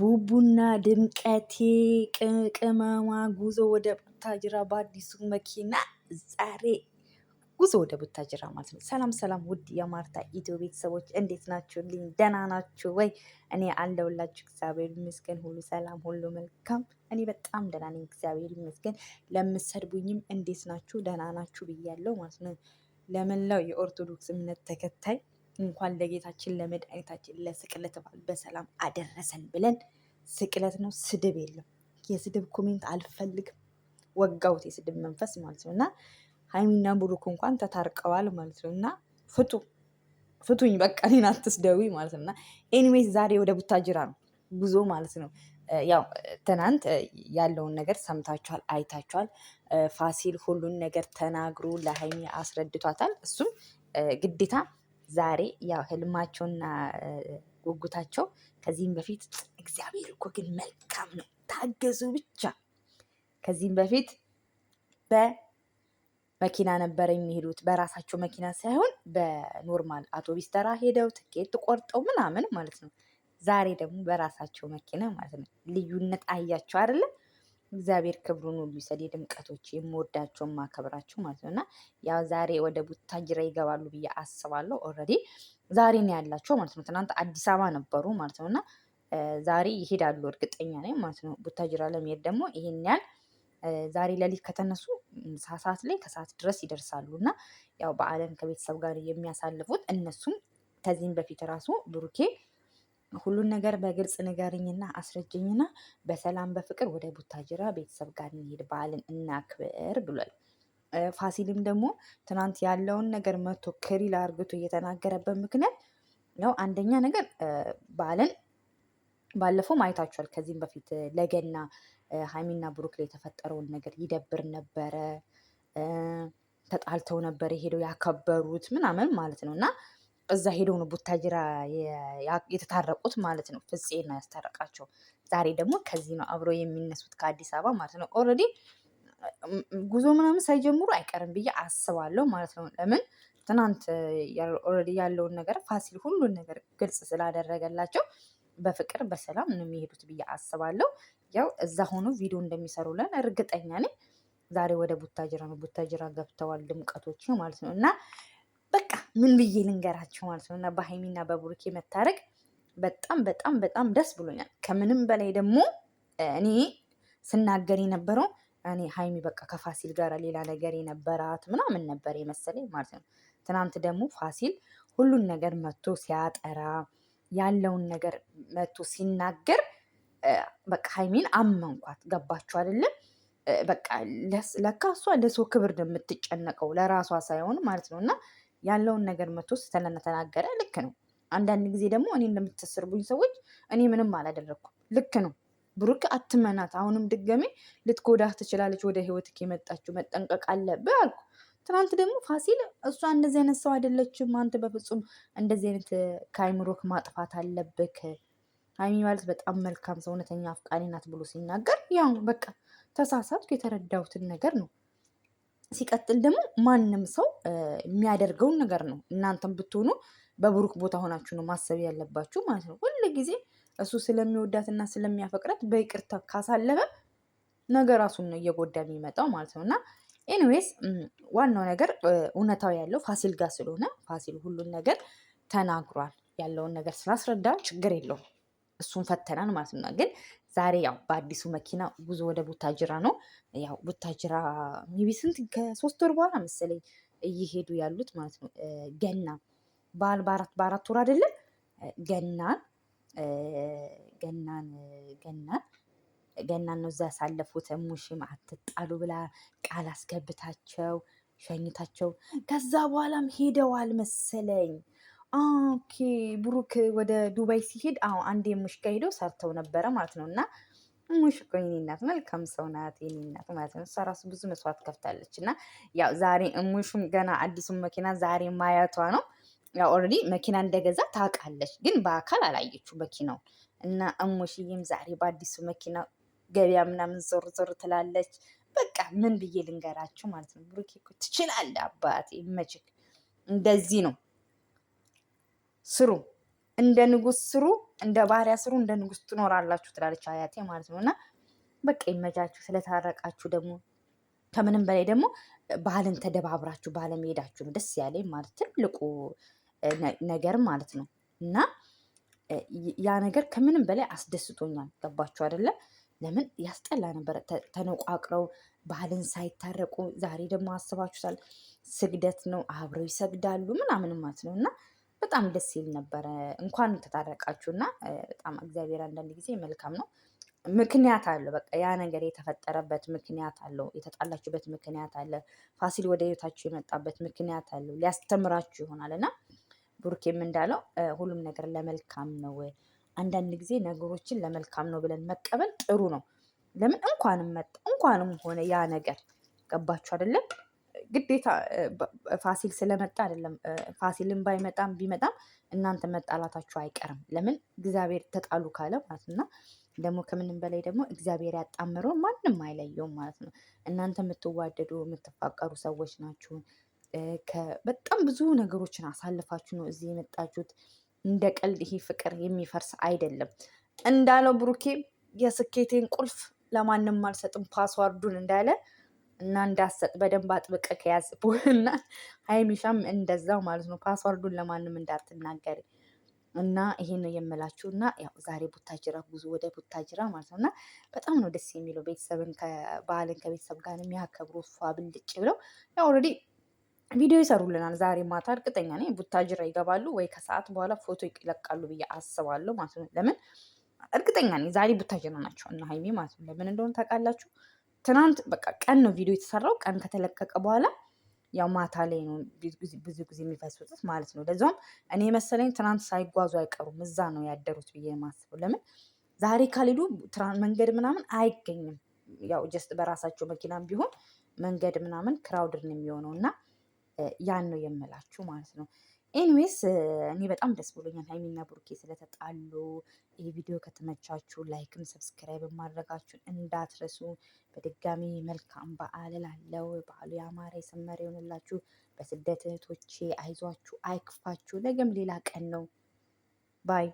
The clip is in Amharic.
ቡቡና ድምቀቴ ቅመማ ጉዞ ወደ ቡታጅራ በአዲሱ መኪና ዛሬ ጉዞ ወደ ቡታጅራ ማለት ነው። ሰላም ሰላም፣ ውድ የማርታ ኢትዮ ቤተሰቦች እንዴት ናችሁልኝ? ደህና ናችሁ ወይ? እኔ አለሁላችሁ። እግዚአብሔር ይመስገን፣ ሁሉ ሰላም፣ ሁሉ መልካም። እኔ በጣም ደህና ነኝ፣ እግዚአብሔር ይመስገን። ለምሰድቡኝም እንዴት ናችሁ? ደህና ናችሁ ብያለሁ ማለት ነው። ለመላው የኦርቶዶክስ እምነት ተከታይ እንኳን ለጌታችን ለመድኃኒታችን ለስቅለት በዓል በሰላም አደረሰን ብለን ስቅለት ነው። ስድብ የለም። የስድብ ኮሜንት አልፈልግም። ወጋውት የስድብ መንፈስ ማለት ነው እና ሀይሚና ብሩክ እንኳን ተታርቀዋል ማለት ነው እና ፍቱ ፍቱኝ በቃ እኔን አትስደዊ ማለት ነው እና ኤኒዌይስ ዛሬ ወደ ቡታጅራ ነው ጉዞ ማለት ነው። ያው ትናንት ያለውን ነገር ሰምታችኋል፣ አይታችኋል። ፋሲል ሁሉን ነገር ተናግሮ ለሀይሚ አስረድቷታል። እሱም ግዴታ ዛሬ ያው ህልማቸውና ጉጉታቸው ከዚህም በፊት እግዚአብሔር እኮ ግን መልካም ነው፣ ታገዙ ብቻ። ከዚህም በፊት በመኪና ነበር የሚሄዱት። በራሳቸው መኪና ሳይሆን በኖርማል አውቶቢስ ተራ ሄደው ትኬት ቆርጠው ምናምን ማለት ነው። ዛሬ ደግሞ በራሳቸው መኪና ማለት ነው። ልዩነት አያቸው አይደለም? እግዚአብሔር ክብሩን ሁሉ ይሰድ። የድምቀቶች የምወዳቸው ማከብራቸው ማለት ነው እና ያው ዛሬ ወደ ቡታጅራ ይገባሉ ብዬ አስባለሁ። ኦልሬዲ ዛሬ ነው ያላቸው ማለት ነው። ትናንት አዲስ አበባ ነበሩ ማለት ነው እና ዛሬ ይሄዳሉ እርግጠኛ ነኝ ማለት ነው። ቡታጅራ ለመሄድ ደግሞ ይሄን ያህል ዛሬ ሌሊት ከተነሱ ሰዓት ላይ ከሰዓት ድረስ ይደርሳሉ እና ያው በዓልን ከቤተሰብ ጋር የሚያሳልፉት እነሱም ከዚህም በፊት ራሱ ብሩኬ ሁሉን ነገር በግልጽ ንገርኝና አስረጅኝና በሰላም በፍቅር ወደ ቡታጅራ ቤተሰብ ጋር እንሄድ፣ በዓልን እናክብር ብሏል። ፋሲልም ደግሞ ትናንት ያለውን ነገር መቶ ክሪል አርግቶ እየተናገረበት ምክንያት ያው አንደኛ ነገር በዓልን ባለፈው ማየታችኋል። ከዚህም በፊት ለገና ሀይሚና ብሩክ ላይ የተፈጠረውን ነገር ይደብር ነበረ። ተጣልተው ነበር የሄደው ያከበሩት ምናምን ማለት ነው እና እዛ ሄደው ነው ቡታጅራ የተታረቁት ማለት ነው። ፍፄ ነው ያስታረቃቸው። ዛሬ ደግሞ ከዚህ ነው አብሮ የሚነሱት ከአዲስ አበባ ማለት ነው። ኦልሬዲ ጉዞ ምናምን ሳይጀምሩ አይቀርም ብዬ አስባለሁ ማለት ነው። ለምን ትናንት ኦልሬዲ ያለውን ነገር ፋሲል ሁሉን ነገር ግልጽ ስላደረገላቸው በፍቅር በሰላም ነው የሚሄዱት ብዬ አስባለሁ። ያው እዛ ሆኖ ቪዲዮ እንደሚሰሩልን እርግጠኛ ነኝ። ዛሬ ወደ ቡታጅራ ነው። ቡታጅራ ገብተዋል ድምቀቶች ማለት ነው እና ምን ብዬ ልንገራቸው ማለት ነው። እና በሀይሚና በቡሩኬ መታረቅ በጣም በጣም በጣም ደስ ብሎኛል። ከምንም በላይ ደግሞ እኔ ስናገር የነበረው እኔ ሀይሚ በቃ ከፋሲል ጋር ሌላ ነገር የነበራት ምናምን ነበር የመሰለኝ ማለት ነው። ትናንት ደግሞ ፋሲል ሁሉን ነገር መቶ ሲያጠራ ያለውን ነገር መቶ ሲናገር በቃ ሀይሚን አመንኳት። ገባችሁ አይደለም? በቃ ለካ እሷ ለሰው ክብር ነው የምትጨነቀው ለራሷ ሳይሆን ማለት ነው እና ያለውን ነገር መቶ ስለነተናገረ ልክ ነው። አንዳንድ ጊዜ ደግሞ እኔ እንደምትስርቡኝ ሰዎች እኔ ምንም አላደረግኩም። ልክ ነው። ብሩክ አትመናት። አሁንም ድገሜ ልትጎዳህ ትችላለች። ወደ ህይወትክ የመጣችው መጠንቀቅ አለብህ አልኩ። ትናንት ደግሞ ፋሲል እሷ እንደዚህ አይነት ሰው አይደለችም፣ አንተ በፍጹም እንደዚህ አይነት ከአይምሮክ ማጥፋት አለብክ። ሀይሚ ማለት በጣም መልካም ሰው፣ እውነተኛ አፍቃሪ ናት ብሎ ሲናገር ያው በቃ ተሳሳትኩ የተረዳሁትን ነገር ነው ሲቀጥል ደግሞ ማንም ሰው የሚያደርገውን ነገር ነው። እናንተም ብትሆኑ በብሩክ ቦታ ሆናችሁ ነው ማሰብ ያለባችሁ ማለት ነው። ሁል ጊዜ እሱ ስለሚወዳትና ስለሚያፈቅራት በይቅርታ ካሳለፈ ነገ ራሱን ነው እየጎዳ የሚመጣው ማለት ነው እና ኤኒዌይስ ዋናው ነገር እውነታው ያለው ፋሲል ጋር ስለሆነ ፋሲል ሁሉን ነገር ተናግሯል። ያለውን ነገር ስላስረዳ ችግር የለውም። እሱን ፈተናን ማለት ነው ግን ዛሬ ያው በአዲሱ መኪና ጉዞ ወደ ቡታጅራ ነው። ያው ቡታጅራ ሜቢ ስንት ከሶስት ወር በኋላ መሰለኝ እየሄዱ ያሉት ማለት ነው። ገና በዓል በአራት በአራት ወር አይደለም ገናን ገናን ገናን ገናን ነው እዛ ያሳለፉት። ሙሽም አትጣሉ ብላ ቃል አስገብታቸው ሸኝታቸው ከዛ በኋላም ሄደዋል መሰለኝ። ኦኬ ብሩክ ወደ ዱባይ ሲሄድ አዎ አንድ ሙሽ ሄደው ሰርተው ነበረ ማለት ነው። እና ሙሽ እኮ መልካም ሰው ናት የኔ ማለት ነው። እሷ ራሱ ብዙ መስዋዕት ከፍታለች። እና ያው ዛሬ ሙሹም ገና አዲሱን መኪና ዛሬ ማያቷ ነው። ያው ኦልሬዲ መኪና እንደገዛ ታውቃለች፣ ግን በአካል አላየችው መኪናው እና እሙሽዬም ዛሬ በአዲሱ መኪና ገበያ ምናምን ዞር ዞር ትላለች። በቃ ምን ብዬ ልንገራችሁ ማለት ነው። ብሩኬ እኮ ትችላለህ አባቴ መችክ እንደዚህ ነው። ስሩ፣ እንደ ንጉስ ስሩ፣ እንደ ባሪያ ስሩ፣ እንደ ንጉስ ትኖራላችሁ ትላለች አያቴ ማለት ነው። እና በቃ ይመቻችሁ። ስለታረቃችሁ ደግሞ ከምንም በላይ ደግሞ ባህልን ተደባብራችሁ ባህልን ሄዳችሁ ነው ደስ ያለኝ ማለት ትልቁ ነገር ማለት ነው እና ያ ነገር ከምንም በላይ አስደስቶኛል። ገባችሁ አይደለም? ለምን ያስጠላ ነበረ ተነቋቅረው ባህልን ሳይታረቁ። ዛሬ ደግሞ አስባችሁታል፣ ስግደት ነው አብረው ይሰግዳሉ ምናምን ማለት ነው እና በጣም ደስ ይል ነበረ። እንኳን ተታረቃችሁ እና በጣም እግዚአብሔር አንዳንድ ጊዜ መልካም ነው። ምክንያት አለው። በቃ ያ ነገር የተፈጠረበት ምክንያት አለው። የተጣላችሁበት ምክንያት አለ። ፋሲል ወደ ህይወታችሁ የመጣበት ምክንያት አለው። ሊያስተምራችሁ ይሆናል እና ቡርኬም እንዳለው ሁሉም ነገር ለመልካም ነው። አንዳንድ ጊዜ ነገሮችን ለመልካም ነው ብለን መቀበል ጥሩ ነው። ለምን እንኳንም መጣ እንኳንም ሆነ ያ ነገር ገባችሁ አይደለም? ግዴታ ፋሲል ስለመጣ አይደለም። ፋሲልን ባይመጣም ቢመጣም እናንተ መጣላታችሁ አይቀርም። ለምን እግዚአብሔር ተጣሉ ካለ ማለት ነው። ደግሞ ከምንም በላይ ደግሞ እግዚአብሔር ያጣምረው ማንም አይለየውም ማለት ነው። እናንተ የምትዋደዱ የምትፋቀሩ ሰዎች ናችሁ። በጣም ብዙ ነገሮችን አሳልፋችሁ ነው እዚህ የመጣችሁት። እንደ ቀልድ ይሄ ፍቅር የሚፈርስ አይደለም። እንዳለው ብሩኬ የስኬቴን ቁልፍ ለማንም አልሰጥም ፓስዋርዱን እንዳለ እና እንዳሰጥ በደንብ አጥብቀ ከያዝ እና ሀይሚሻም እንደዛው ማለት ነው። ፓስዋርዱን ለማንም እንዳትናገር እና ይሄ ነው የምላችሁ። እና ያው ዛሬ ቡታጅራ ጉዞ ወደ ቡታጅራ ማለት ነው። እና በጣም ነው ደስ የሚለው ቤተሰብን ባህልን ከቤተሰብ ጋር የሚያከብሩ ፏ ብልጭ ብለው ያው ኦልሬዲ ቪዲዮ ይሰሩልናል። ዛሬ ማታ እርግጠኛ ነኝ ቡታጅራ ይገባሉ ወይ ከሰዓት በኋላ ፎቶ ይለቃሉ ብዬ አስባለሁ ማለት ነው። ለምን እርግጠኛ ነኝ ዛሬ ቡታጅራ ናቸው እና ሀይሚ ማለት ነው። ለምን እንደሆነ ታውቃላችሁ? ትናንት በቃ ቀን ነው ቪዲዮ የተሰራው። ቀን ከተለቀቀ በኋላ ያው ማታ ላይ ነው ብዙ ጊዜ የሚፈሱት ማለት ነው። ለዚም እኔ መሰለኝ ትናንት ሳይጓዙ አይቀሩም እዛ ነው ያደሩት ብዬ የማስበው። ለምን ዛሬ ካልሄዱ መንገድ ምናምን አይገኝም። ያው ጀስት በራሳቸው መኪናም ቢሆን መንገድ ምናምን ክራውድን የሚሆነው እና ያን ነው የምላችሁ ማለት ነው። ኤኒዌይስ እኔ በጣም ደስ ብሎኛል ሀይሚና ብሩኬ ስለተጣሉ። ይህ ቪዲዮ ከተመቻችሁ ላይክም ሰብስክራይብ ማድረጋችሁን እንዳትረሱ። በድጋሚ መልካም በዓል ላለው በዓሉ ያማረ የሰመረ ይሆንላችሁ። በስደት እህቶቼ አይዟችሁ፣ አይክፋችሁ። ነገም ሌላ ቀን ነው ባይ